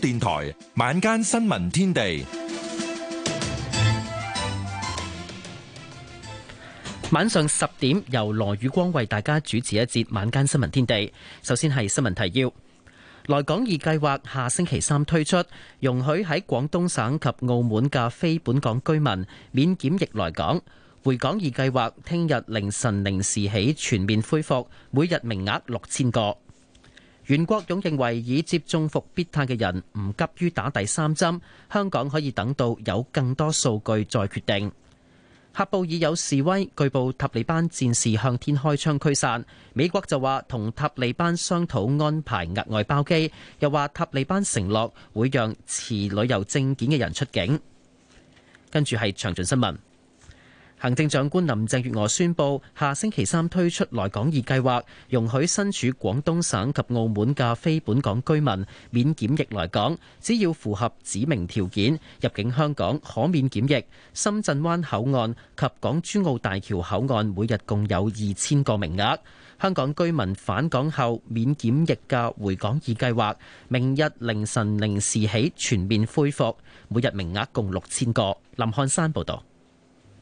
電台晚間新聞天地，晚上十點由羅宇光為大家主持一節晚間新聞天地。首先係新聞提要：來港易計劃下星期三推出，容許喺廣東省及澳門嘅非本港居民免檢疫來港。回港易計劃聽日凌晨零時起全面恢復，每日名額六千個。袁國勇認為，已接種復必泰嘅人唔急於打第三針，香港可以等到有更多數據再決定。喀布爾有示威，據報塔利班戰士向天開槍驅散。美國就話同塔利班商討安排額外包機，又話塔利班承諾會讓持旅遊證件嘅人出境。跟住係詳盡新聞。行政長官林鄭月娥宣布，下星期三推出來港易計劃，容許身處廣東省及澳門嘅非本港居民免檢疫來港，只要符合指明條件，入境香港可免檢疫。深圳灣口岸及港珠澳大橋口岸每日共有二千個名額。香港居民返港後免檢疫嘅回港易計劃，明日凌晨零時起全面恢復，每日名額共六千個。林漢山報導。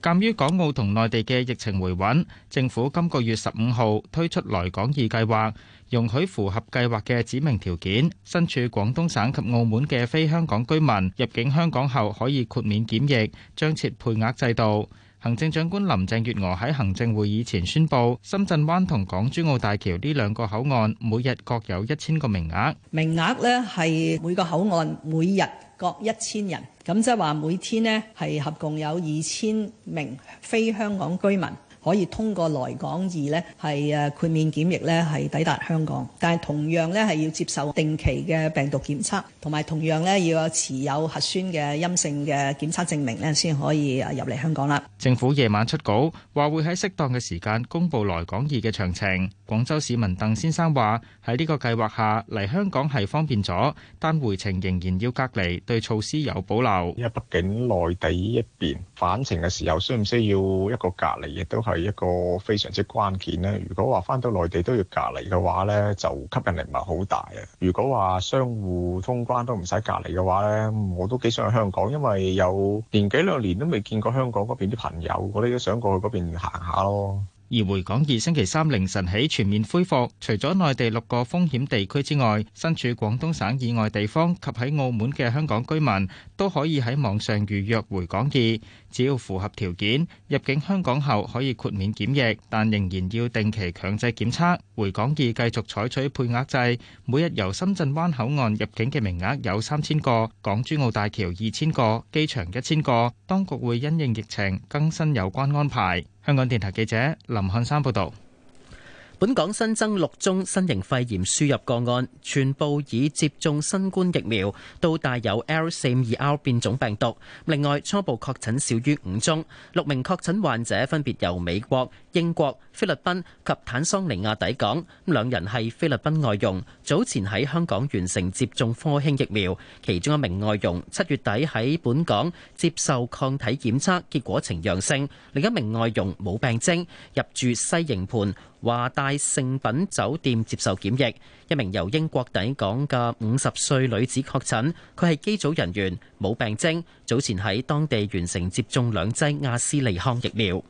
鑒於港澳同內地嘅疫情回穩，政府今個月十五號推出來港易計劃，容許符合計劃嘅指明條件、身處廣東省及澳門嘅非香港居民入境香港後可以豁免檢疫，將設配額制度。行政長官林鄭月娥喺行政會議前宣布，深圳灣同港珠澳大橋呢兩個口岸每日各有一千個名額。名額呢係每個口岸每日各一千人，咁即係話每天呢係合共有二千名非香港居民。可以通過來港易咧，係誒豁免檢疫咧，係抵達香港。但係同樣咧係要接受定期嘅病毒檢測，同埋同樣咧要有持有核酸嘅陰性嘅檢測證明咧，先可以誒入嚟香港啦。政府夜晚出稿話會喺適當嘅時間公佈來港易嘅詳情。廣州市民鄧先生話：喺呢個計劃下嚟香港係方便咗，但回程仍然要隔離，對措施有保留。因為畢竟內地依一邊返程嘅時候，需唔需要一個隔離，亦都係。一個非常之關鍵咧。如果話返到內地都要隔離嘅話咧，就吸引力唔係好大啊。如果話相互通關都唔使隔離嘅話咧，我都幾想去香港，因為有年幾兩年都未見過香港嗰邊啲朋友，我哋都想過去嗰邊行下咯。而回港易星期三凌晨起全面恢復，除咗內地六個風險地區之外，身處廣東省以外地方及喺澳門嘅香港居民都可以喺網上預約回港易，只要符合條件，入境香港後可以豁免檢疫，但仍然要定期強制檢測。回港易繼續採取配額制，每日由深圳灣口岸入境嘅名額有三千個，港珠澳大橋二千個，機場一千個。當局會因應疫情更新有關安排。香港電台記者林漢山報道，本港新增六宗新型肺炎輸入個案，全部已接種新冠疫苗，都帶有 L 四五二 R 變種病毒。另外，初步確診少於五宗，六名確診患者分別由美國、英國、菲律賓及坦桑尼亞抵港，兩人係菲律賓外傭，早前喺香港完成接種科興疫苗。其中一名外傭七月底喺本港接受抗體檢測，結果呈陽性；另一名外傭冇病徵，入住西營盤華大盛品酒店接受檢疫。一名由英國抵港嘅五十歲女子確診，佢係機組人員，冇病徵，早前喺當地完成接種兩劑亞斯利康疫苗。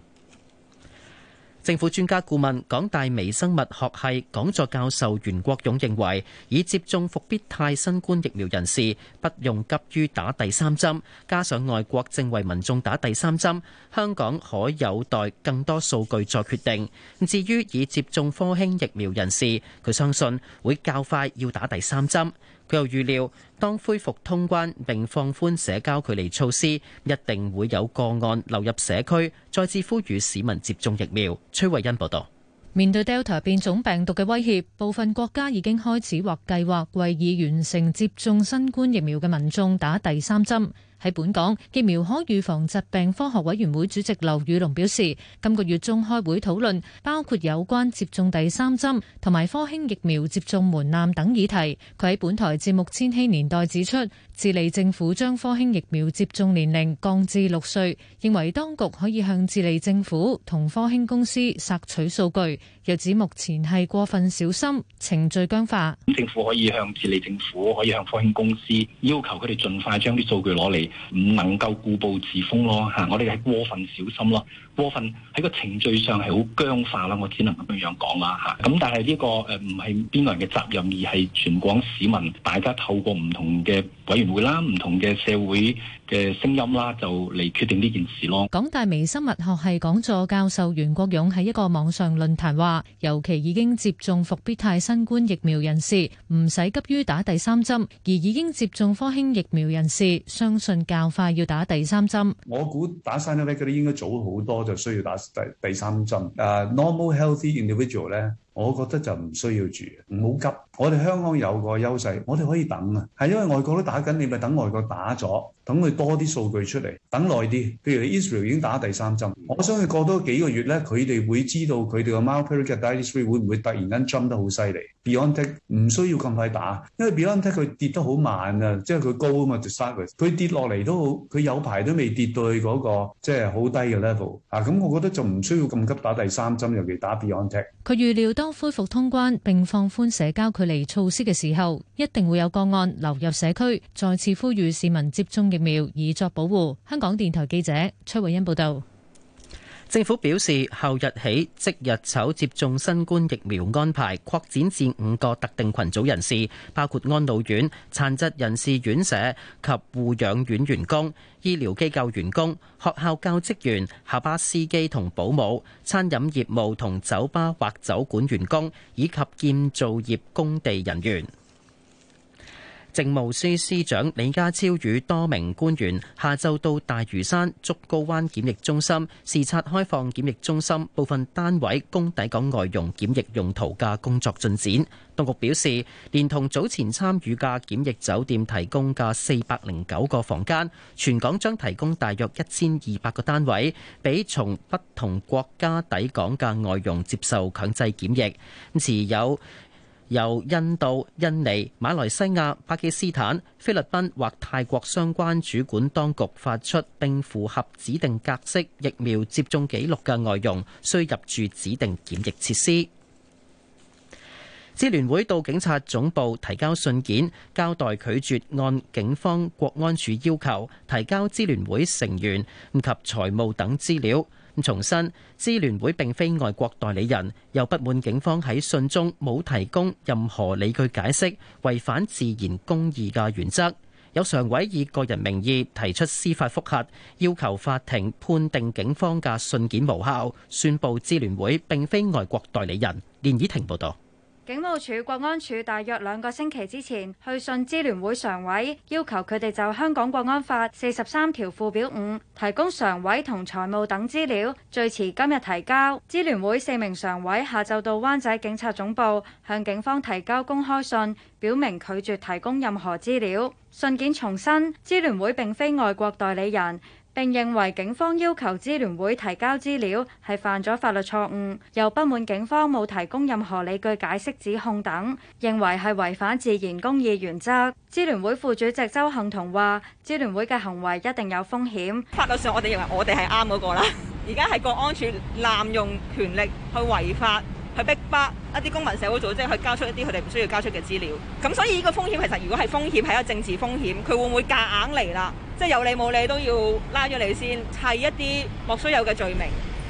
政府專家顧問、港大微生物學系講座教授袁國勇認為，已接種復必泰新冠疫苗人士不用急於打第三針，加上外國正為民眾打第三針，香港可有待更多數據作決定。至於已接種科興疫苗人士，佢相信會較快要打第三針。佢又預料，當恢復通關並放寬社交距離措施，一定會有個案流入社區，再次呼籲市民接種疫苗。崔慧欣報道。面對 Delta 變種病毒嘅威脅，部分國家已經開始或計劃為已完成接種新冠疫苗嘅民眾打第三針。喺本港，疫苗可預防疾病科學委員會主席劉宇龍表示，今個月中開會討論包括有關接種第三針同埋科興疫苗接種門檻等議題。佢喺本台節目《千禧年代》指出：智利政府將科興疫苗接種年齡降至六歲，認為當局可以向智利政府同科興公司索取數據。又指目前係過分小心，程序僵化。政府可以向智利政府，可以向科興公司要求佢哋盡快將啲數據攞嚟，唔能夠固步自封咯。吓，我哋係過分小心咯。過分喺個程序上係好僵化啦，我只能咁樣樣講啦吓，咁但係呢個誒唔係邊個人嘅責任，而係全港市民，大家透過唔同嘅委員會啦，唔同嘅社會。嘅聲音啦，就嚟決定呢件事咯。港大微生物學系講座教授袁國勇喺一個網上論壇話，尤其已經接種復必泰新冠疫苗人士，唔使急於打第三針；而已經接種科興疫苗人士，相信較快要打第三針。我估打生納威嗰啲應該早好多就需要打第第三針。誒，normal healthy individual 咧，我覺得就唔需要住，唔好急。我哋香港有個優勢，我哋可以等啊，係因為外國都打緊，你咪等外國打咗，等佢多啲數據出嚟，等耐啲。譬如 Israel 已經打第三針，我相信過多幾個月咧，佢哋會知道佢哋個 mild variant three 會唔會突然間 jump 得好犀利。BioNTech 唔需要咁快打，因為 BioNTech 佢跌得好慢啊，即係佢高啊嘛，the start 佢跌落嚟都好，佢有排都未跌到去嗰個即係好低嘅 level 啊，咁我覺得就唔需要咁急打第三針，尤其打 BioNTech。佢預料當恢復通關並放寬社交佢。嚟措施嘅時候，一定會有個案流入社區，再次呼籲市民接種疫苗以作保護，香港電台記者崔慧欣報道。政府表示，後日起即日籌接種新冠疫苗安排擴展至五個特定群組人士，包括安老院、殘疾人士院舍及護養院員工、醫療機構員工、學校教職員、校巴司機同保姆、餐飲業務同酒吧或酒館員工，以及建造業工地人員。政務司司長李家超與多名官員下晝到大嶼山竹篙灣檢疫中心視察開放檢疫中心部分單位供抵港外傭檢疫用途嘅工作進展。當局表示，連同早前參與嘅檢疫酒店提供嘅四百零九個房間，全港將提供大約一千二百個單位，俾從不同國家抵港嘅外傭接受強制檢疫。持有由印度、印尼、馬來西亞、巴基斯坦、菲律賓或泰國相關主管當局發出並符合指定格式疫苗接種記錄嘅外傭，需入住指定檢疫設施。支聯會到警察總部提交信件，交代拒絕按警方國安處要求提交支聯會成員及財務等資料。重申，支聯會並非外國代理人，又不滿警方喺信中冇提供任何理據解釋，違反自然公義嘅原則。有常委以個人名義提出司法覆核，要求法庭判定警方嘅信件無效，宣佈支聯會並非外國代理人。連怡婷報導。警務處國安處大約兩個星期之前去信支聯會常委，要求佢哋就《香港國安法》四十三條附表五提供常委同財務等資料，最遲今日提交。支聯會四名常委下晝到灣仔警察總部向警方提交公開信，表明拒絕提供任何資料。信件重申，支聯會並非外國代理人。並認為警方要求支聯會提交資料係犯咗法律錯誤，又不滿警方冇提供任何理據解釋指控等，認為係違反自然公義原則。支聯會副主席周幸彤話，支聯會嘅行為一定有風險。法律上我哋認為我哋係啱嗰個啦，而家係國安處濫用權力去違法。去逼迫一啲公民社會組織去交出一啲佢哋唔需要交出嘅資料，咁所以呢個風險其實如果係風險係一個政治風險，佢會唔會夾硬嚟啦？即係有理冇理都要拉咗你先，砌一啲莫須有嘅罪名。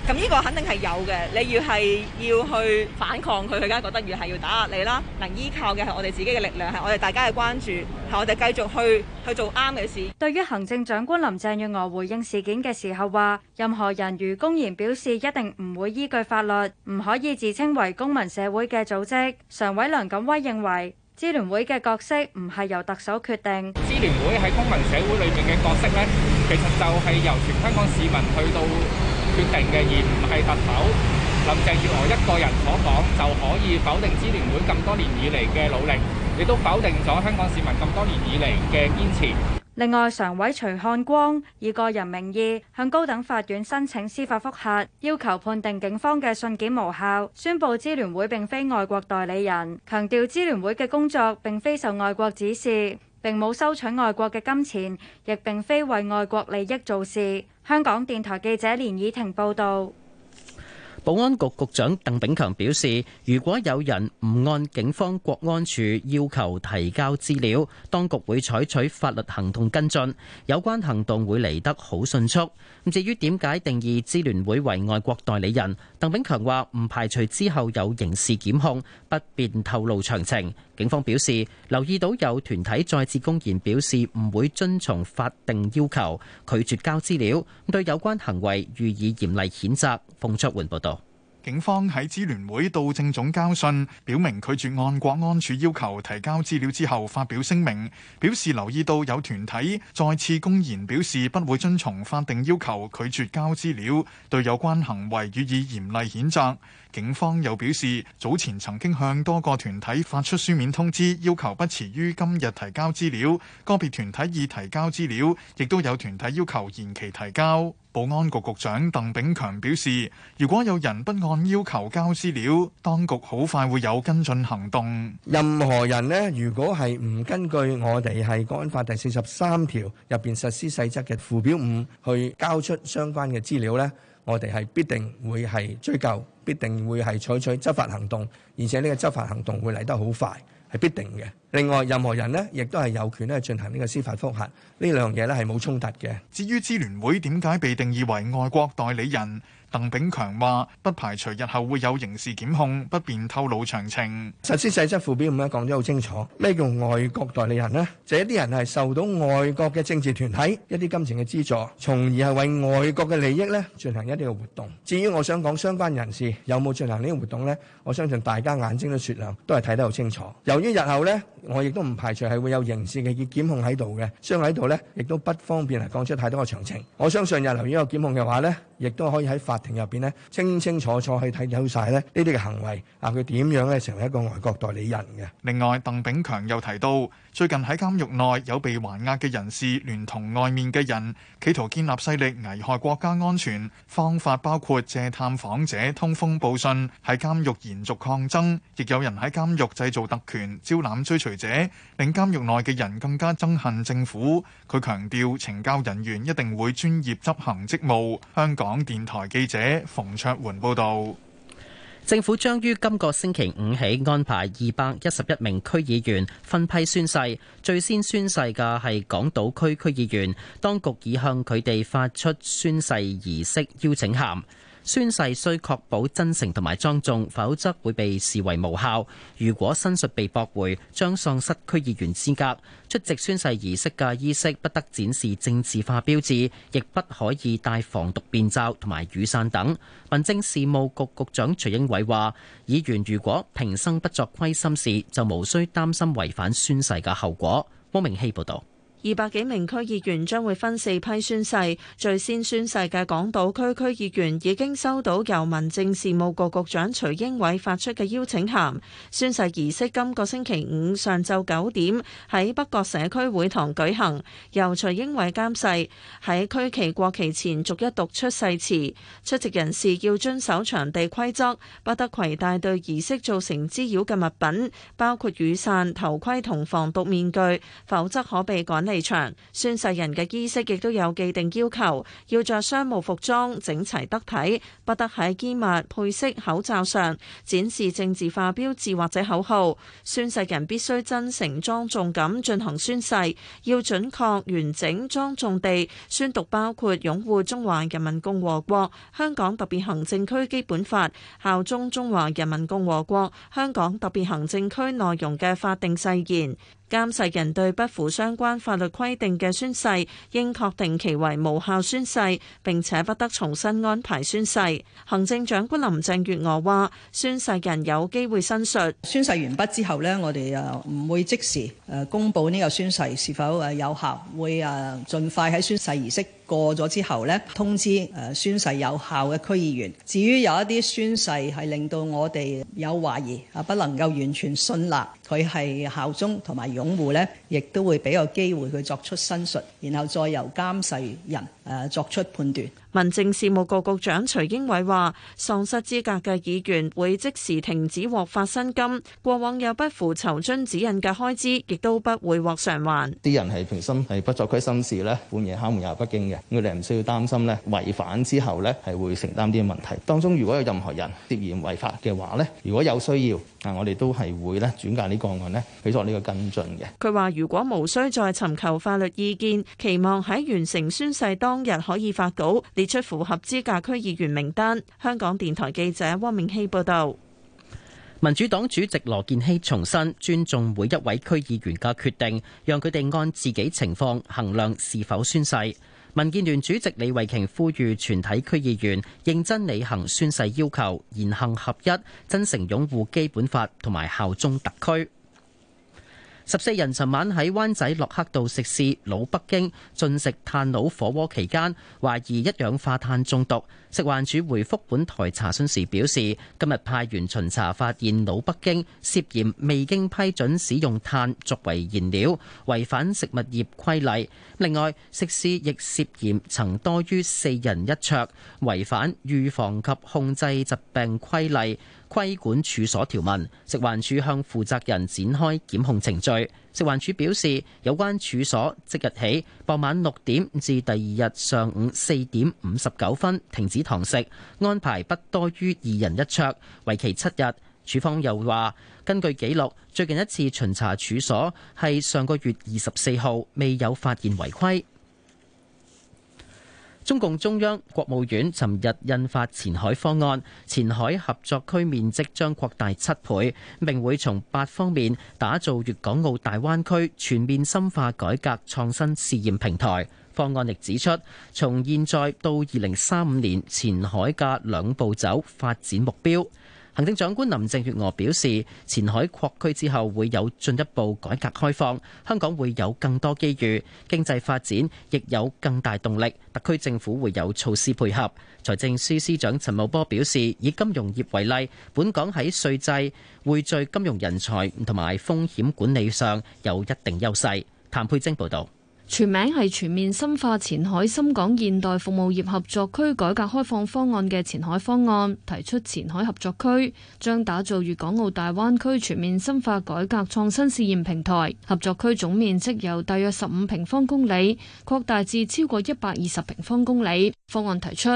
咁呢個肯定係有嘅，你要係要去反抗佢，佢梗覺得越係要打壓你啦。能依靠嘅係我哋自己嘅力量，係我哋大家嘅關注，係我哋繼續去去做啱嘅事。對於行政長官林鄭月娥回應事件嘅時候話，任何人如公然表示一定唔會依據法律，唔可以自稱為公民社會嘅組織。常委梁錦威認為，支聯會嘅角色唔係由特首決定。支聯會喺公民社會裏面嘅角色呢，其實就係由全香港市民去到決定嘅，而唔係特首林鄭月娥一個人所講就可以否定支聯會咁多年以嚟嘅努力，亦都否定咗香港市民咁多年以嚟嘅堅持。另外，常委徐漢光以個人名義向高等法院申請司法覆核，要求判定警方嘅信件無效，宣布支聯會並非外國代理人，強調支聯會嘅工作並非受外國指示，並冇收取外國嘅金錢，亦並非為外國利益做事。香港電台記者連以婷報道。保安局局長鄧炳強表示，如果有人唔按警方國安處要求提交資料，當局會採取法律行動跟進，有關行動會嚟得好迅速。咁至於點解定義支聯會為外國代理人，鄧炳強話唔排除之後有刑事檢控，不便透露詳情。警方表示留意到有團體再次公然表示唔會遵從法定要求，拒絕交資料，對有關行為予以嚴厲譴責。馮卓煥報道。警方喺支聯會到政總交信，表明拒絕按國安處要求提交資料之後，發表聲明，表示留意到有團體再次公然表示不會遵從法定要求，拒絕交資料，對有關行為予以嚴厲譴責。警方又表示，早前曾經向多個團體發出書面通知，要求不遲於今日提交資料。個別團體已提交資料，亦都有團體要求延期提交。保安局局長鄧炳強表示，如果有人不按要求交資料，當局好快會有跟進行動。任何人咧，如果係唔根據我哋係《國安法》第四十三條入面實施細則嘅附表五去交出相關嘅資料咧。我哋係必定會係追究，必定會係採取執法行動，而且呢個執法行動會嚟得好快，係必定嘅。另外，任何人呢，亦都係有權咧進行呢個司法覆核，呢兩樣嘢咧係冇衝突嘅。至於支聯會點解被定義為外國代理人？鄧炳強話：不排除日後會有刑事檢控，不便透露詳情。實施細則附表五咧講得好清楚，咩叫外國代理人呢？這一啲人係受到外國嘅政治團體一啲金錢嘅資助，從而係為外國嘅利益咧進行一啲嘅活動。至於我想講，相關人士有冇進行呢個活動咧，我相信大家眼睛都雪亮，都係睇得好清楚。由於日後咧。我亦都唔排除係會有刑事嘅檢控喺度嘅，所以喺度咧，亦都不方便係講出太多嘅詳情。我相信日留呢個檢控嘅話咧，亦都可以喺法庭入邊咧，清清楚楚去睇到晒咧呢啲嘅行為啊，佢點樣咧成為一個外國代理人嘅。另外，鄧炳強又提到。最近喺監獄內有被還押嘅人士聯同外面嘅人，企圖建立勢力危害國家安全。方法包括借探訪者通風報信，喺監獄延續抗爭，亦有人喺監獄製造特權，招攬追隨者，令監獄內嘅人更加憎恨政府。佢強調，懲教人員一定會專業執行職務。香港電台記者馮卓媛報導。政府將於今個星期五起安排二百一十一名區議員分批宣誓，最先宣誓嘅係港島區區議員，當局已向佢哋發出宣誓儀式邀請函。宣誓需確保真誠同埋莊重，否則會被視為無效。如果申述被駁回，將喪失區議員資格。出席宣誓儀式嘅衣飾不得展示政治化標誌，亦不可以戴防毒面罩同埋雨傘等。民政事務局局長徐英偉話，議員如果平生不作虧心事，就無需擔心違反宣誓嘅後果。汪明希報導。二百幾名區議員將會分四批宣誓，最先宣誓嘅港島區區議員已經收到由民政事務局局長徐英偉發出嘅邀請函。宣誓儀式今個星期五上晝九點喺北角社區會堂舉行，由徐英偉監誓。喺區旗國旗前逐一讀出誓詞。出席人士要遵守場地規則，不得携帶對儀式造成滋擾嘅物品，包括雨傘、頭盔同防毒面具，否則可被趕離場宣誓人嘅衣飾亦都有既定要求，要着商務服裝，整齊得體，不得喺衣物、配飾、口罩上展示政治化標誌或者口號。宣誓人必須真誠莊重噉進行宣誓，要準確完整莊重地宣讀包括擁護中華人民共和國、香港特別行政區基本法、效忠中華人民共和國香港特別行政區內容嘅法定誓言。監誓人對不符相關法律規定嘅宣誓，應確定其為無效宣誓，並且不得重新安排宣誓。行政長官林鄭月娥話：宣誓人有機會申述。宣誓完畢之後呢，我哋啊唔會即時誒公布呢個宣誓是否誒有效，會啊盡快喺宣誓儀式。過咗之後呢，通知誒宣誓有效嘅區議員。至於有一啲宣誓係令到我哋有懷疑啊，不能夠完全信納佢係效忠同埋擁護呢，亦都會俾個機會佢作出申述，然後再由監誓人誒作出判斷。民政事務局局長徐英偉話：喪失資格嘅議員會即時停止獲發薪金，過往有不符酬津指引嘅開支，亦都不會獲償還。啲人係平心係不作虧心事呢，半夜敲門也不驚，嘅，我哋唔需要擔心呢違反之後呢係會承擔啲問題。當中如果有任何人涉嫌違法嘅話呢，如果有需要，嗱，我哋都係會咧轉介呢個案呢去做呢個跟進嘅。佢話如果無需再尋求法律意見，期望喺完成宣誓當日可以發稿。出符合資格區議員名單。香港電台記者汪明熙報道。民主黨主席羅健熙重申尊重每一位區議員嘅決定，讓佢哋按自己情況衡量是否宣誓。民建聯主席李慧瓊呼籲全體區議員認真履行宣誓要求，言行合一，真誠擁護基本法同埋效忠特區。十四人尋晚喺灣仔洛克道食肆老北京進食炭爐火鍋期間，懷疑一氧化碳中毒。食環署回覆本台查詢時表示，今日派員巡查發現老北京涉嫌未經批准使用炭作為燃料，違反食物業規例。另外，食肆亦涉嫌曾多於四人一桌，違反預防及控制疾病規例。規管處所條文，食環署向負責人展開檢控程序。食環署表示，有關處所即日起傍晚六點至第二日上午四點五十九分停止堂食，安排不多於二人一桌，為期七日。處方又話，根據記錄，最近一次巡查處所係上個月二十四號，未有發現違規。中共中央、國務院尋日印發前海方案，前海合作區面積將擴大七倍，並會從八方面打造粵港澳大灣區全面深化改革創新試驗平台。方案亦指出，從現在到二零三五年，前海嘅兩步走發展目標。行政長官林鄭月娥表示，前海擴區之後會有進一步改革開放，香港會有更多機遇，經濟發展亦有更大動力。特區政府會有措施配合。財政司司長陳茂波表示，以金融業為例，本港喺稅制、匯聚金融人才同埋風險管理上有一定優勢。譚佩貞報道。全名係全面深化前海深港現代服務業合作區改革開放方案嘅前海方案提出，前海合作區將打造粵港澳大灣區全面深化改革創新試驗平台。合作區總面積由大約十五平方公里擴大至超過一百二十平方公里。方案提出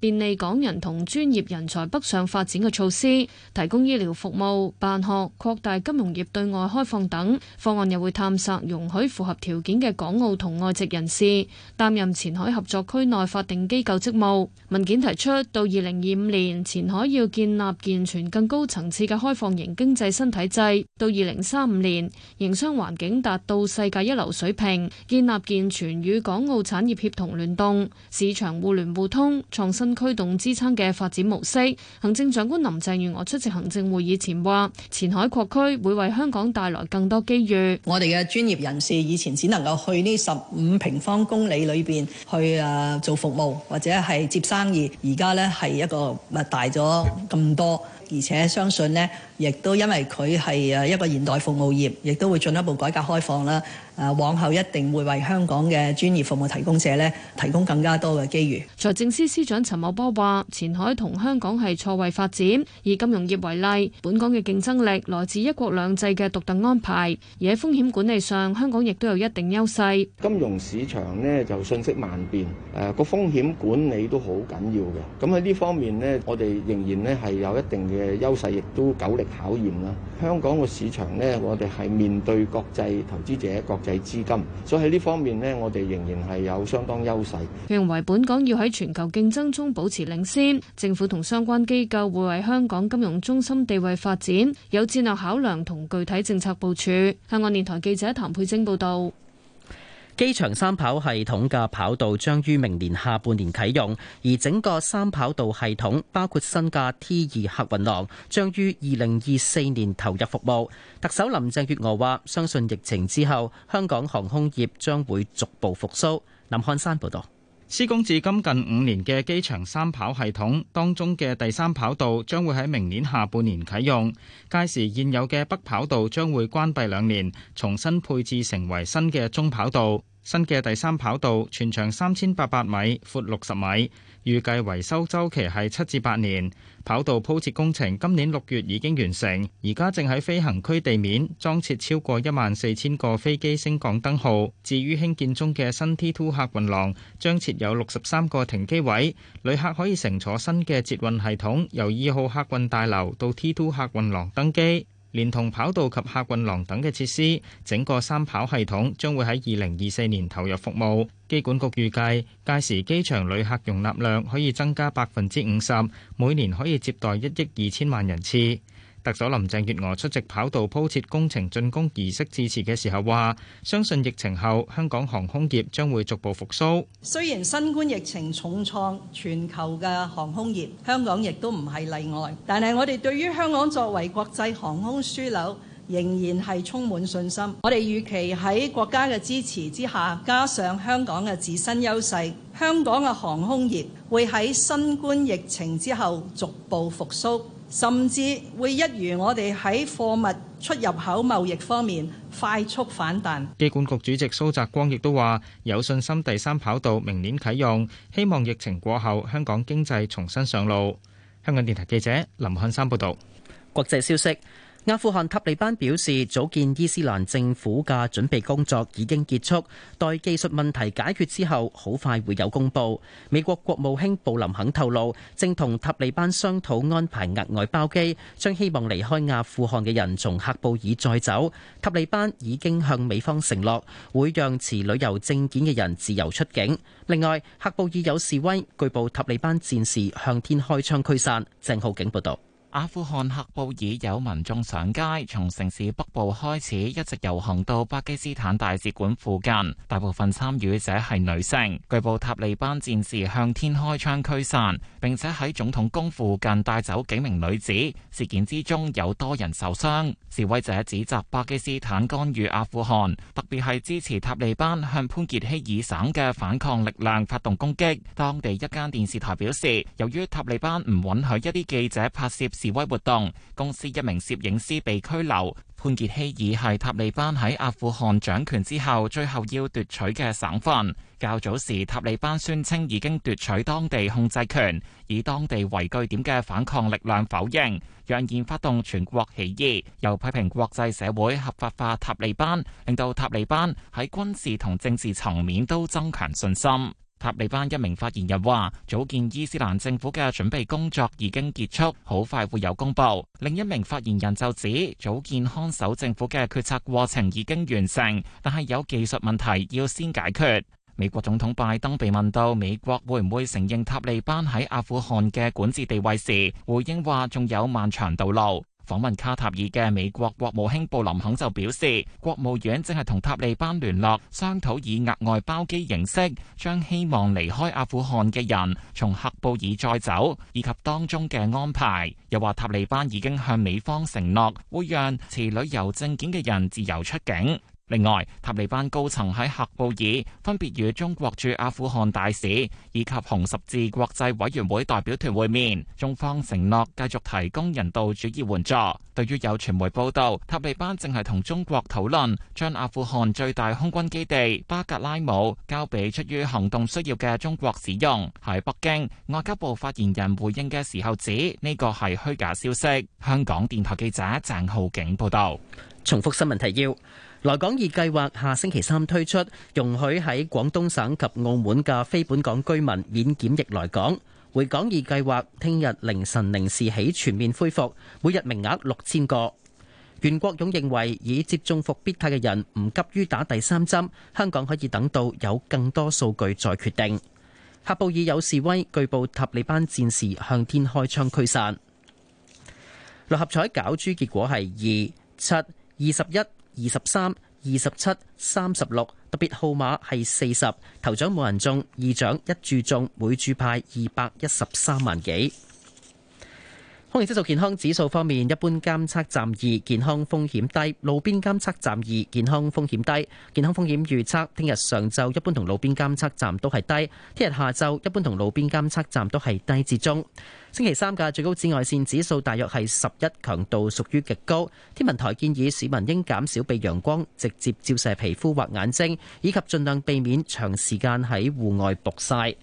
便利港人同專業人才北上發展嘅措施，提供醫療服務、辦學、擴大金融業對外開放等。方案又會探索容許符合條件嘅港澳同外籍人士擔任前海合作區內法定機構職務。文件提出，到二零二五年前海要建立健全更高層次嘅開放型經濟新體制；到二零三五年，營商環境達到世界一流水平，建立健全與港澳產業,業,業,業協同聯動、市場互聯互通、創新驅動支撐嘅發展模式。行政長官林鄭月娥出席行政會議前話：前海擴區會為香港帶來更多機遇。我哋嘅專業人士以前只能夠去呢。十五平方公里裏邊去啊、uh, 做服務或者係接生意，而家呢係一個大咗咁多，而且相信呢亦都因為佢係啊一個現代服務業，亦都會進一步改革開放啦。誒、啊，往後一定會為香港嘅專業服務提供者咧，提供更加多嘅機遇。財政司司長陳茂波話前海同香港係錯位發展，以金融業為例，本港嘅競爭力來自一國兩制嘅獨特安排。而喺風險管理上，香港亦都有一定優勢，金融市場咧就瞬息萬變，誒、啊、個風險管理都好緊要嘅。咁喺呢方面咧，我哋仍然咧係有一定嘅優勢，亦都久歷考驗啦。香港個市場咧，我哋係面對國際投資者各。國嘅資金，所以喺呢方面咧，我哋仍然係有相當優勢。認為本港要喺全球競爭中保持領先，政府同相關機構會為香港金融中心地位發展有戰略考量同具體政策部署。香港電台記者譚佩晶報道。機場三跑系統嘅跑道將於明年下半年啟用，而整個三跑道系統包括新架 T 二客運廊，將於二零二四年投入服務。特首林鄭月娥話：相信疫情之後，香港航空業將會逐步復甦。林漢山報道。施工至今近五年嘅機場三跑系統當中嘅第三跑道將會喺明年下半年啟用。屆時現有嘅北跑道將會關閉兩年，重新配置成為新嘅中跑道。新嘅第三跑道全長三千八百米，闊六十米。預計維修週期係七至八年。跑道鋪設工程今年六月已經完成，而家正喺飛行區地面裝設超過一萬四千個飛機升降燈號。至於興建中嘅新 T2 客運廊，將設有六十三個停機位，旅客可以乘坐新嘅捷運系統，由二號客運大樓到 T2 客運廊登機。連同跑道及客運廊等嘅設施，整個三跑系統將會喺二零二四年投入服務。機管局預計，屆時機場旅客容納量可以增加百分之五十，每年可以接待一億二千萬人次。特首林鄭月娥出席跑道鋪設工程竣工儀式致辭嘅時候話：相信疫情後香港航空業將會逐步復甦。雖然新冠疫情重創全球嘅航空業，香港亦都唔係例外，但係我哋對於香港作為國際航空樞紐仍然係充滿信心。我哋預期喺國家嘅支持之下，加上香港嘅自身優勢，香港嘅航空業會喺新冠疫情之後逐步復甦。甚至會一如我哋喺貨物出入口貿易方面快速反彈。機管局主席蘇澤光亦都話，有信心第三跑道明年啟用，希望疫情過後香港經濟重新上路。香港電台記者林漢山報導。國際消息。阿富汗塔利班表示，組建伊斯蘭政府嘅準備工作已經結束，待技術問題解決之後，好快會有公布。美國國務卿布林肯透露，正同塔利班商討安排額外包機，將希望離開阿富汗嘅人從喀布爾載走。塔利班已經向美方承諾，會讓持旅遊證件嘅人自由出境。另外，喀布爾有示威，據報塔利班戰士向天開槍驅散。鄭浩景報道。阿富汗喀布爾有民眾上街，從城市北部開始，一直遊行到巴基斯坦大使館附近。大部分參與者係女性。據報塔利班戰士向天開槍驅散，並且喺總統宮附近帶走幾名女子。事件之中有多人受傷。示威者指責巴基斯坦干預阿富汗，特別係支持塔利班向潘傑希爾省嘅反抗力量發動攻擊。當地一間電視台表示，由於塔利班唔允許一啲記者拍攝。示威活動，公司一名攝影師被拘留。潘傑希爾係塔利班喺阿富汗掌權之後，最後要奪取嘅省份。較早時，塔利班宣稱已經奪取當地控制權，以當地為據點嘅反抗力量否認，揚言發動全國起義，又批評國際社會合法化塔利班，令到塔利班喺軍事同政治層面都增強信心。塔利班一名發言人話，組建伊斯蘭政府嘅準備工作已經結束，好快會有公布。另一名發言人就指，組建看守政府嘅決策過程已經完成，但係有技術問題要先解決。美國總統拜登被問到美國會唔會承認塔利班喺阿富汗嘅管治地位時，回應話，仲有漫長道路。訪問卡塔爾嘅美國國務卿布林肯就表示，國務院正係同塔利班聯絡，商討以額外包機形式，將希望離開阿富汗嘅人從喀布爾再走，以及當中嘅安排。又話塔利班已經向美方承諾，會讓持旅遊證件嘅人自由出境。另外，塔利班高層喺喀布爾分別與中國駐阿富汗大使以及紅十字國際委員會代表團會面，中方承諾繼續提供人道主義援助。對於有傳媒報道塔利班正係同中國討論將阿富汗最大空軍基地巴格拉姆交俾出於行動需要嘅中國使用，喺北京外交部發言人回應嘅時候指呢個係虛假消息。香港電台記者鄭浩景報道。重複新聞提要。來港易計劃下星期三推出，容許喺廣東省及澳門嘅非本港居民免檢疫來港。回港易計劃聽日凌晨零時起全面恢復，每日名額六千個。袁國勇認為，已接種復必泰嘅人唔急於打第三針，香港可以等到有更多數據再決定。喀布爾有示威，據報塔利班戰士向天開槍驅散。六合彩攪珠結果係二七二十一。二十三、二十七、三十六，特別號碼係四十。頭獎冇人中，二獎一注中，每注派二百一十三萬幾。空氣質素健康指數方面，一般監測站二健康風險低，路邊監測站二健康風險低。健康風險預測，聽日上晝一般同路邊監測站都係低，聽日下晝一般同路邊監測站都係低至中。星期三嘅最高紫外線指數大約係十一，強度屬於極高。天文台建議市民應減少被陽光直接照射皮膚或眼睛，以及盡量避免長時間喺戶外曝曬。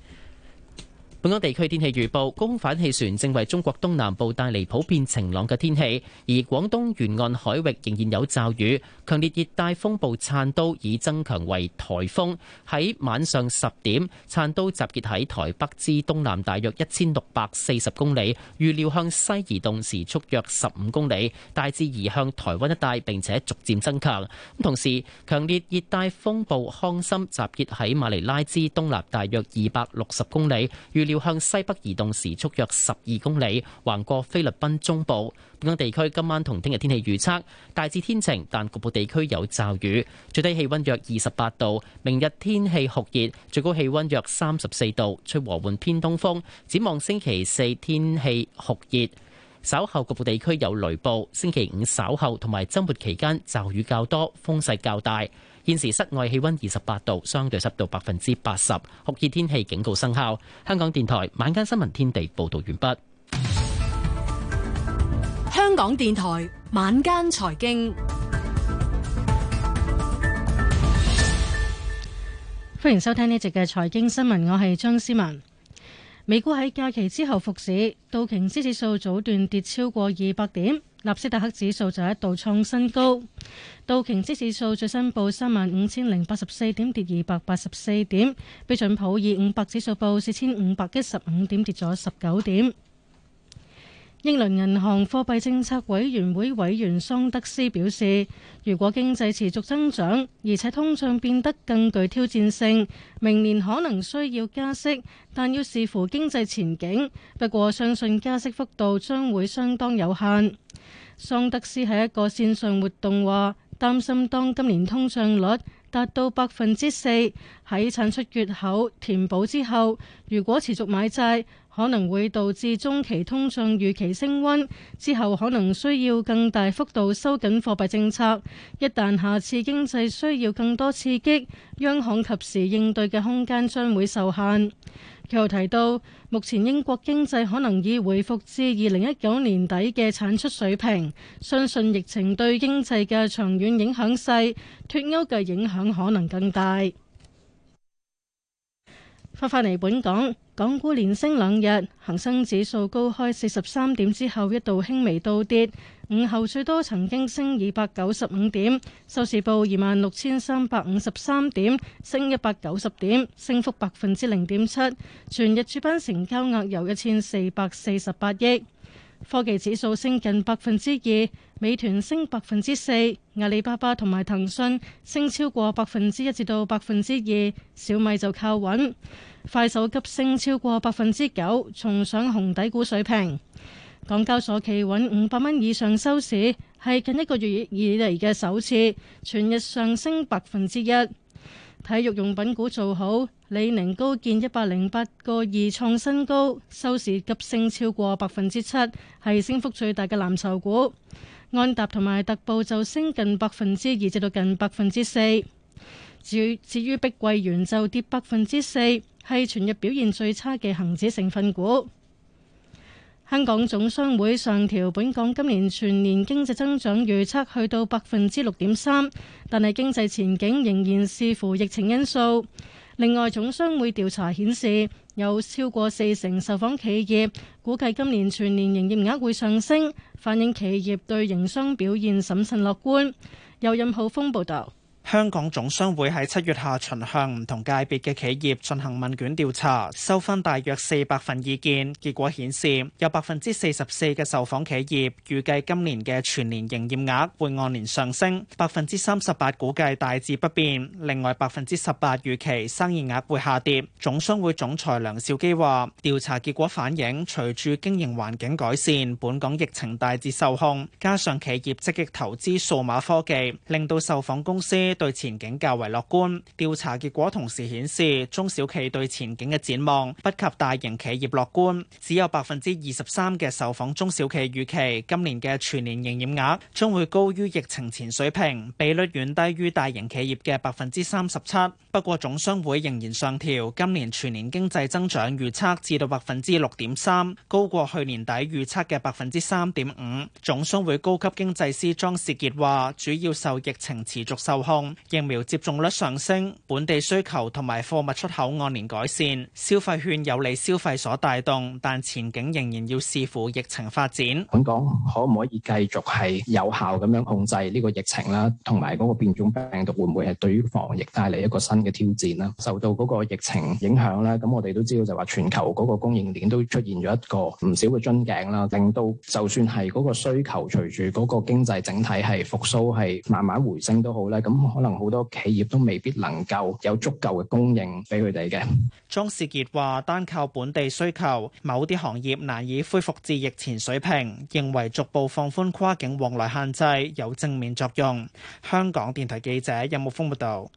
本港地區天氣預報，高空反氣旋，正為中國東南部帶嚟普遍晴朗嘅天氣，而廣東沿岸海域仍然有驟雨。強烈熱帶風暴燦都已增強為台風，喺晚上十點，燦都集結喺台北之東南大約一千六百四十公里，預料向西移動時速約十五公里，大致移向台灣一帶，並且逐漸增強。同時，強烈熱帶風暴康森集結喺馬尼拉之東南大約二百六十公里，預料。要向西北移動時速約十二公里，橫過菲律賓中部。本港地區今晚同聽日天氣預測大致天晴，但局部地區有驟雨。最低氣溫約二十八度，明日天氣酷熱，最高氣溫約三十四度，吹和緩偏東風。展望星期四天氣酷熱，稍後局部地區有雷暴。星期五稍後同埋周末期間驟雨較多，風勢較大。現時室外氣溫二十八度，相對濕度百分之八十，酷熱天氣警告生效。香港電台晚間新聞天地報道完畢。香港電台晚間財經，歡迎收聽呢集嘅財經新聞，我係張思文。美股喺假期之後復市，道瓊斯指數早段跌超過二百點。納斯達克指數就一度創新高，道瓊斯指數最新報三萬五千零八十四點，跌二百八十四點；標準普爾五百指數報四千五百一十五點，跌咗十九點。英倫銀行貨幣政策委員會委員桑德斯表示，如果經濟持續增長，而且通脹變得更具挑戰性，明年可能需要加息，但要視乎經濟前景。不過相信加息幅度將會相當有限。桑德斯喺一個線上活動話，擔心當今年通脹率達到百分之四，喺產出缺口填補之後，如果持續買債，可能會導致中期通脹預期升溫，之後可能需要更大幅度收緊貨幣政策。一旦下次經濟需要更多刺激，央行及時應對嘅空間將會受限。又提到，目前英國經濟可能已恢復至二零一九年底嘅產出水平，相信疫情對經濟嘅長遠影響細，脫歐嘅影響可能更大。返返嚟本港。港股連升兩日，恒生指數高開四十三點之後一度輕微倒跌，午後最多曾經升二百九十五點，收市報二萬六千三百五十三點，升一百九十點，升幅百分之零點七。全日主板成交額有一千四百四十八億。科技指數升近百分之二，美團升百分之四，阿里巴巴同埋騰訊升超過百分之一至到百分之二，小米就靠穩，快手急升超過百分之九，重上紅底股水平。港交所企穩五百蚊以上收市，係近一個月以嚟嘅首次，全日上升百分之一。體育用品股做好，李寧高見一百零八個二創新高，收市急升超過百分之七，係升幅最大嘅藍籌股。安踏同埋特步就升近百分之二至到近百分之四。至至於，至於碧桂園就跌百分之四，係全日表現最差嘅恒指成分股。香港總商會上調本港今年全年經濟增長預測去到百分之六點三，但係經濟前景仍然視乎疫情因素。另外，總商會調查顯示，有超過四成受訪企業估計今年全年營業額會上升，反映企業對營商表現審慎樂觀。有任浩峰報道。香港總商會喺七月下旬向唔同界別嘅企業進行問卷調查，收翻大約四百份意見。結果顯示，有百分之四十四嘅受訪企業預計今年嘅全年營業額會按年上升，百分之三十八估計大致不變，另外百分之十八預期生意額會下跌。總商會總裁梁兆基話，調查結果反映隨住經營環境改善，本港疫情大致受控，加上企業積極投資數碼科技，令到受訪公司。對前景較為樂觀。調查結果同時顯示，中小企對前景嘅展望不及大型企業樂觀。只有百分之二十三嘅受訪中小企預期今年嘅全年營業額將會高於疫情前水平，比率遠低於大型企業嘅百分之三十七。不過，總商會仍然上調今年全年經濟增長預測至到百分之六點三，高過去年底預測嘅百分之三點五。總商會高級經濟師莊士傑話，主要受疫情持續受控。疫苗接種率上升，本地需求同埋貨物出口按年改善，消費券有利消費所帶動，但前景仍然要視乎疫情發展。本港可唔可以繼續係有效咁樣控制呢個疫情啦？同埋嗰個變種病毒會唔會係對於防疫帶嚟一個新嘅挑戰啦，受到嗰個疫情影響啦，咁我哋都知道就話全球嗰個供應鏈都出現咗一個唔少嘅樽頸啦，令到就算係嗰個需求隨住嗰個經濟整體係復蘇係慢慢回升都好啦，咁。可能好多企業都未必能夠有足夠嘅供應畀佢哋嘅。莊士傑話：單靠本地需求，某啲行業難以恢復至疫前水平，認為逐步放寬跨境往來限制有正面作用。香港電台記者任木峯報道。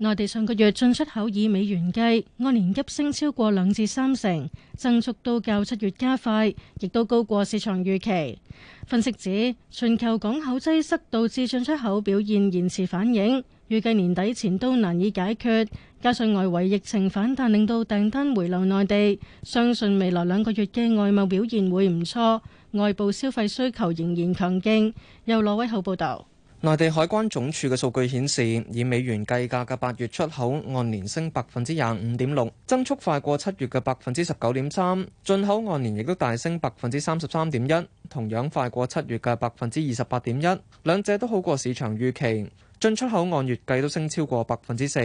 內地上個月進出口以美元計，按年急升超過兩至三成，增速都較七月加快，亦都高過市場預期。分析指，全球港口擠塞導致進出口表現延遲反應，預計年底前都難以解決。加上外圍疫情反彈，令到訂單回流內地，相信未來兩個月嘅外貿表現會唔錯，外部消費需求仍然強勁。由羅偉浩報導。內地海關總署嘅數據顯示，以美元計價嘅八月出口按年升百分之廿五點六，增速快過七月嘅百分之十九點三；進口按年亦都大升百分之三十三點一，同樣快過七月嘅百分之二十八點一，兩者都好過市場預期。進出口按月計都升超過百分之四，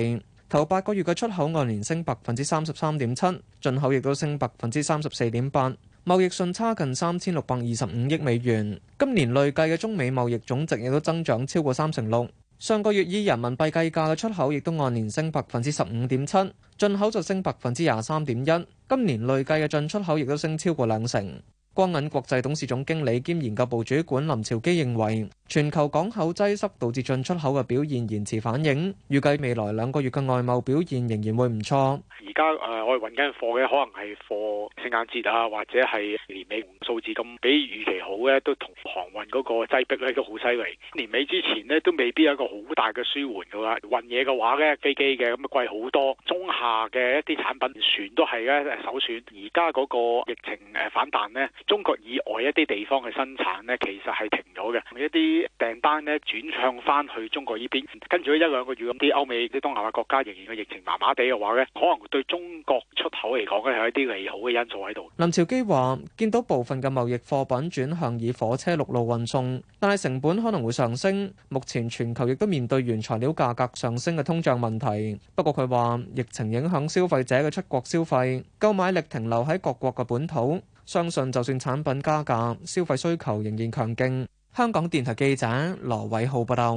頭八個月嘅出口按年升百分之三十三點七，進口亦都升百分之三十四點八。貿易順差近三千六百二十五億美元，今年累計嘅中美貿易總值亦都增長超過三成六。上個月以人民幣計價嘅出口亦都按年升百分之十五點七，進口就升百分之廿三點一。今年累計嘅進出口亦都升超過兩成。光銀國際董事總經理兼研究部主管林朝基認為。全球港口擠塞導致進出口嘅表現延遲反應，預計未來兩個月嘅外貿表現仍然會唔錯。而家誒我哋運緊嘅貨，可能係貨聖誕節啊，或者係年尾數字咁比預期好咧，都同航運嗰個擠逼咧都好犀利。年尾之前咧都未必有一個好大嘅舒緩噶啦。運嘢嘅話咧，飛機嘅咁啊貴好多，中下嘅一啲產品船都係咧首選。而家嗰個疫情誒反彈呢，中國以外一啲地方嘅生產咧其實係停咗嘅，一啲。訂單咧轉向翻去中國呢邊，跟住咧一兩個月咁啲歐美啲東南亞嘅國家仍然嘅疫情麻麻地嘅話咧，可能對中國出口嚟講咧係一啲利好嘅因素喺度。林朝基話，見到部分嘅貿易貨品轉向以火車陸路運送，但係成本可能會上升。目前全球亦都面對原材料價格上升嘅通脹問題。不過佢話，疫情影響消費者嘅出國消費，購買力停留喺各國嘅本土，相信就算產品加價，消費需求仍然強勁。香港電台記者羅偉浩報道：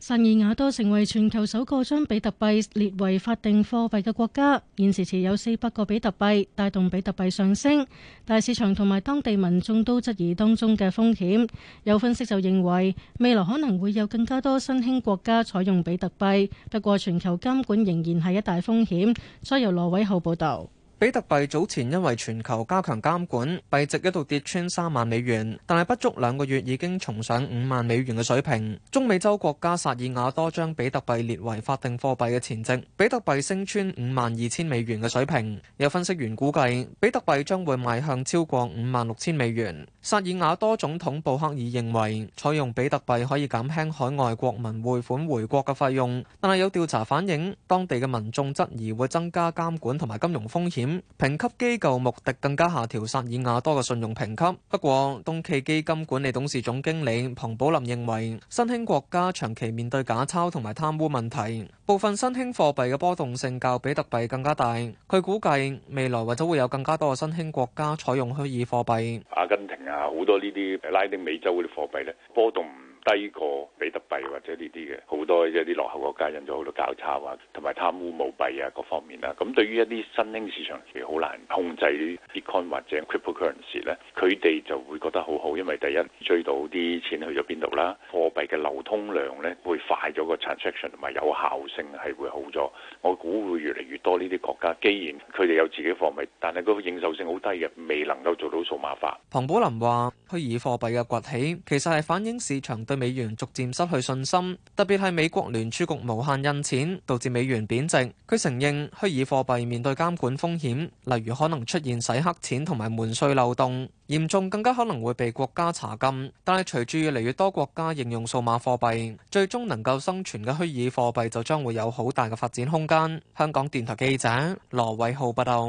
薩爾瓦多成為全球首個將比特幣列為法定貨幣嘅國家，現時持有四百個比特幣，帶動比特幣上升。但市場同埋當地民眾都質疑當中嘅風險。有分析就認為，未來可能會有更加多新興國家採用比特幣，不過全球監管仍然係一大風險。再由羅偉浩報道。比特幣早前因為全球加強監管，幣值一度跌穿三萬美元，但係不足兩個月已經重上五萬美元嘅水平。中美洲國家薩爾瓦多將比特幣列為法定貨幣嘅前夕，比特幣升穿五萬二千美元嘅水平。有分析員估計，比特幣將會邁向超過五萬六千美元。薩爾瓦多總統布克爾認為，採用比特幣可以減輕海外國民匯款回國嘅費用，但係有調查反映，當地嘅民眾質疑會增加監管同埋金融風險。評級機構穆迪更加下調薩爾瓦多嘅信用評級。不過，東企基金管理董事總經理龐寶林認為，新興國家長期面對假鈔同埋貪污問題，部分新興貨幣嘅波動性較比特幣更加大。佢估計未來或者會有更加多嘅新興國家採用虛擬貨幣。阿根廷啊，好多呢啲拉丁美洲嗰啲貨幣咧波動。低過比特幣或者呢啲嘅，好多一啲落後國家印咗好多假鈔啊，同埋貪污舞弊啊各方面啦。咁對於一啲新興市場，其實好難控制 Bitcoin 或者 Cryptocurrency 咧，佢哋就會覺得好好，因為第一追到啲錢去咗邊度啦，貨幣嘅流通量咧會快咗個 transaction 同埋有，有效性係會好咗。我估會越嚟越多呢啲國家，既然佢哋有自己貨幣，但係嗰個認受性好低嘅，未能夠做到數碼化。彭寶林話：虛擬貨幣嘅崛起其實係反映市場對美元逐漸失去信心，特別係美國聯儲局無限印錢，導致美元貶值。佢承認虛擬貨幣面對監管風險，例如可能出現洗黑錢同埋瞞稅漏洞，嚴重更加可能會被國家查禁。但係隨住越嚟越多國家應用數碼貨幣，最終能夠生存嘅虛擬貨幣就將會有好大嘅發展空間。香港電台記者羅偉浩報道。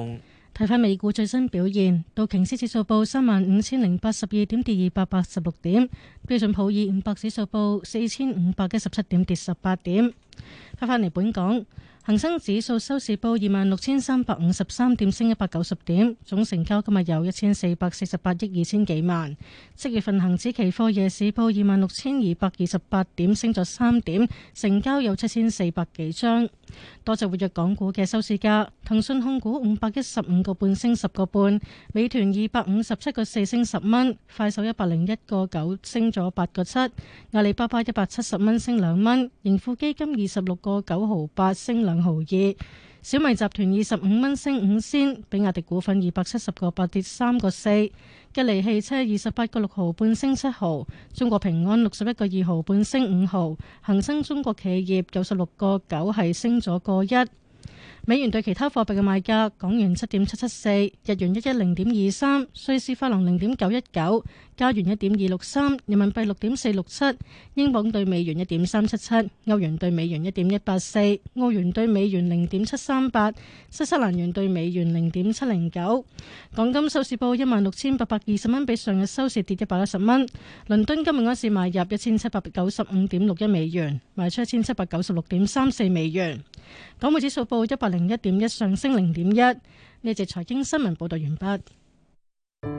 睇翻美股最新表現，道瓊斯指數報三萬五千零八十二點，跌二百八十六點；標準普爾五百指數報四千五百一十七點，跌十八點。翻返嚟本港。恒生指數收市報二萬六千三百五十三點，升一百九十點，總成交今日有一千四百四十八億二千幾萬。七月份恒指期貨夜市報二萬六千二百二十八點，升咗三點，成交有七千四百幾張。多隻活躍港股嘅收市價：騰訊控股五百一十五個半升十個半，美團二百五十七個四升十蚊，快手一百零一個九升咗八個七，阿里巴巴一百七十蚊升兩蚊，盈富基金二十六個九毫八升兩。毫二，小米集團二十五蚊升五仙，比亞迪股份二百七十個八跌三個四，吉利汽車二十八個六毫半升七毫，中國平安六十一個二毫半升五毫，恒生中國企業九十六個九係升咗個一。美元對其他貨幣嘅賣價，港元七點七七四，日元一一零點二三，瑞士法郎零點九一九。加元一點二六三，3，人民幣六點四六七，英鎊兌美元一點三七七，歐元兌美元一點一八四，澳元兌美元零點七三八，新西蘭元兌美元零點七零九。港金收市報一萬六千八百二十蚊，比上日收市跌一百一十蚊。倫敦金每盎司買入一千七百九十五點六一美元，賣出一千七百九十六點三四美元。港匯指數報一百零一點一，上升零點一。呢節財經新聞報道完畢。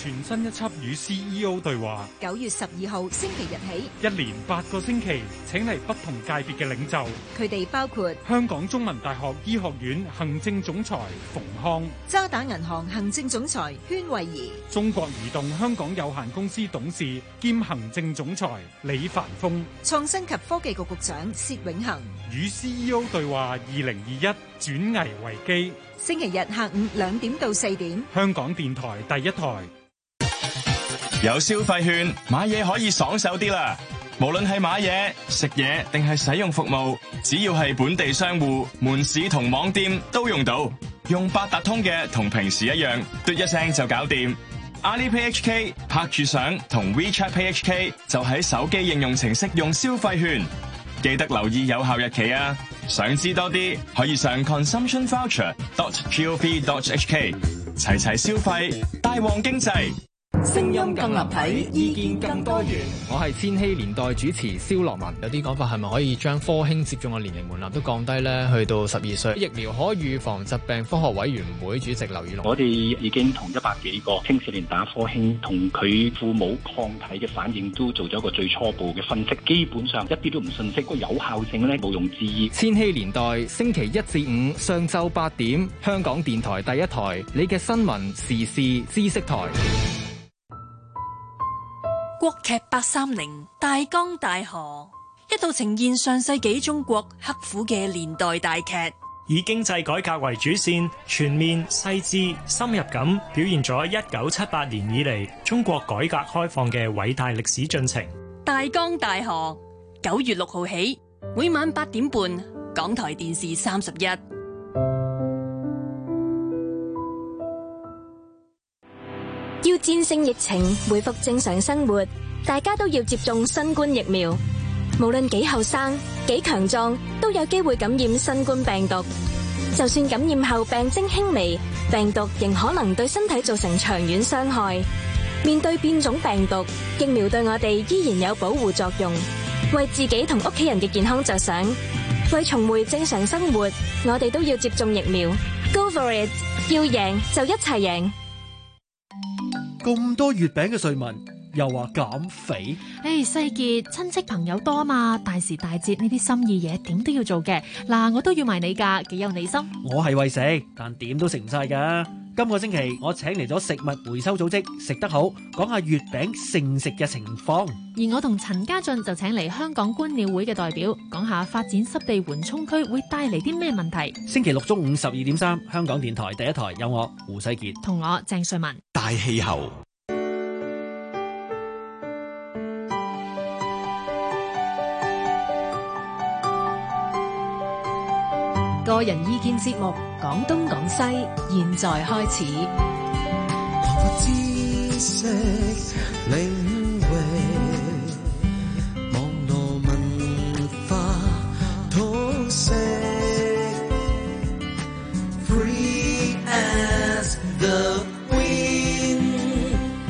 全新一輯與 CEO 對話，九月十二號星期日起，一連八個星期，請嚟不同界別嘅領袖，佢哋包括香港中文大學醫學院行政總裁馮康、渣打銀行行政總裁禤惠儀、中國移動香港有限公司董事兼行政總裁李凡峰、創新及科技局局長薛永恒，與 CEO 對話二零二一轉危為機，星期日下午兩點到四點，香港電台第一台。有消費券，買嘢可以爽手啲啦，無論係買嘢、食嘢定係使用服務，只要係本地商戶、門市同網店都用到。用八達通嘅同平時一樣，嘟一聲就搞掂。Ali Pay HK 拍住相，同 WeChat Pay HK 就喺手機應用程式用消費券。記得留意有效日期啊！想知多啲，可以上 consumptionvoucher.gov.hk 齊齊消費，大旺經濟。聲音更立體，意見更多元。我係千禧年代主持蕭樂文。有啲講法係咪可以將科興接種嘅年齡門檻都降低呢？去到十二歲，疫苗可預防疾病科學委員會主席劉宇龍，我哋已經同一百幾個青少年打科興，同佢父母抗體嘅反應都做咗一個最初步嘅分析，基本上一啲都唔信息。個有效性呢，毋庸置疑。千禧年代星期一至五上晝八點，香港電台第一台，你嘅新聞時事知識台。國劇八三零大江大河一度呈現上世紀中國刻苦嘅年代大劇，以經濟改革為主線，全面細致深入咁表現咗一九七八年以嚟中國改革開放嘅偉大歷史進程。大江大河九月六號起，每晚八點半，港台電視三十一。要戰勝疫情，回復正常生活，大家都要接種新冠疫苗。無論幾後生、幾強壯，都有機會感染新冠病毒。就算感染後病徵輕微，病毒仍可能對身體造成長遠傷害。面對變種病毒，疫苗對我哋依然有保護作用。為自己同屋企人嘅健康着想，為重回正常生活，我哋都要接種疫苗。Go for it！要贏就一齊贏。咁多月餅嘅歲文，又話減肥。誒、hey,，世杰，親戚朋友多嘛，大時大節呢啲心意嘢，點都要做嘅。嗱，我都要埋你噶，幾有你心。我係為食，但點都食唔晒噶。今個星期我請嚟咗食物回收組織食得好，講下月餅剩食嘅情況。而我同陳家俊就請嚟香港觀鳥會嘅代表，講下發展濕地緩衝區會帶嚟啲咩問題。星期六中午十二點三，香港電台第一台有我胡世杰同我鄭瑞文大氣候。個人意見節目《講東講西》，現在開始。